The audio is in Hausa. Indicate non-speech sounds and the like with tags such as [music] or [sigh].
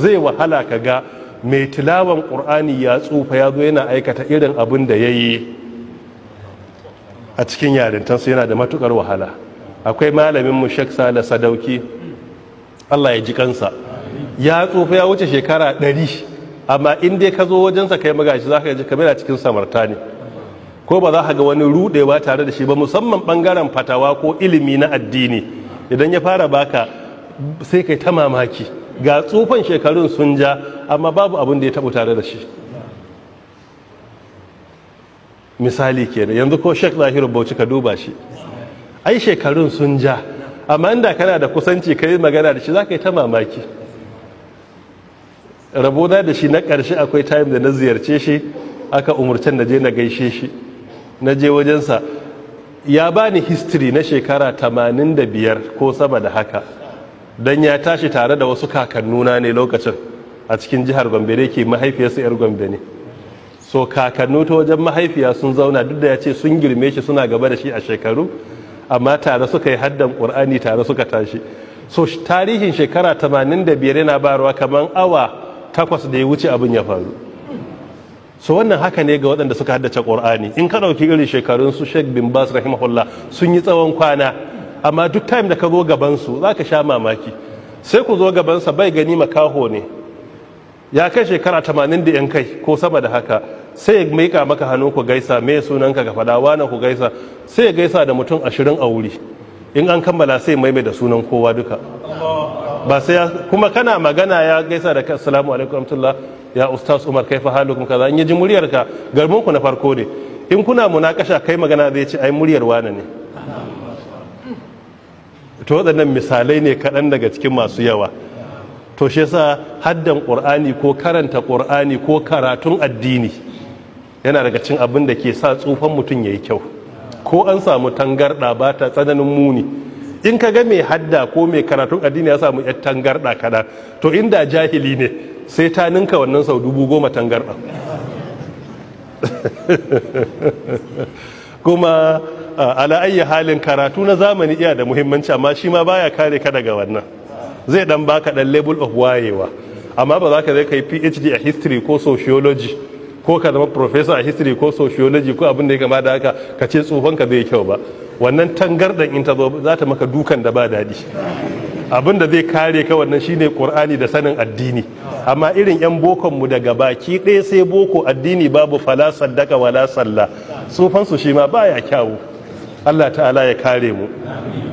zai wahala ka ga mai tilawan ƙur'ani ya tsufa ya zo yana aikata irin abin da ya yi a cikin yarintansa yana da matukar wahala akwai malamin mu shek sale sadauki allah ya ji kansa ya tsufa ya wuce shekara ɗari amma in dai ka zo wajensa kai magashi za ka ji kamar cikin samarta ne ko ba za ka ga wani rudewa tare da shi ba musamman bangaren fatawa ko ilimi na addini idan ya fara baka sai kai ta mamaki ga tsufan shekarun sun ja amma babu abin da ya taɓa tare da shi misali kenan yanzu ko shek zahiru bauchi ka duba shi ai shekarun sun ja amma inda kana da kusanci kai magana da shi za ka yi ta mamaki rabona da shi na ƙarshe akwai time da na ziyarce shi aka umarcin na je na gaishe shi na je wajensa ya bani history na shekara 85 ko sama da haka don ya tashi tare da wasu kakannuna ne lokacin a cikin jihar gombe da yake mahaifiyarsa 'yar gombe ne so kakannu ta wajen mahaifiya sun zauna duk da ya ce sun girme shi suna gaba da shi a shekaru amma tare suka yi haddan ƙur'ani tare suka tashi so tarihin shekara biyar yana barwa kamar awa takwas da ya wuce abin ya faru so wannan haka ne ga waɗanda suka haddace ƙur'ani in ka ɗauki irin shekarun su sheikh bin bas rahimahullah sun yi tsawon kwana amma duk time da ka zo gabansu za ka sha mamaki sai ku zo gabansa bai gani makaho ne ya kai shekara tamanin da yan kai ko sama da haka sai ya mika maka hannu ku gaisa me sunanka ga fada wani ku gaisa sai ya gaisa da mutum ashirin a wuri in an kammala sai maimai da sunan kowa duka ba sai kuma kana magana ya gaisa da assalamu alaikum rahmatullah ya ustaz umar kaifa halukum kaza in yaji muryarka garmun ku na farko ne in kuna munakasha kai magana zai ce ai muryar wani ne to waɗannan misalai ne kaɗan daga cikin masu yawa to shi yasa haddan ƙur'ani ko karanta ƙur'ani ko karatun addini yana daga cin abin da ke sa tsufan mutum ya yi kyau ko an samu tangarɗa ba ta tsananin muni in ka ga mai hadda ko mai karatun addini ya samu yar tangarɗa kaɗan to inda jahili ne sai ta ninka wannan sau dubu goma tangarɗa [laughs] kuma ala ayi halin karatu na zamani iya da muhimmanci amma shi ma baya kare ka daga wannan zai dan baka dan label of wayewa amma ba za ka zai kai PhD a history ko sociology ko ka zama professor a history ko sociology ko abin da ya kama da haka ka ce tsohon ka zai kyau ba wannan tangardan in ta zo za ta maka dukan da ba daɗi abin da zai kare ka wannan shine qur'ani da sanin addini amma irin yan bokon mu daga baki ɗaya sai boko addini babu fala saddaka wala sallah, tsufan su shi ma baya kyawu Allah ta'ala ya kare mu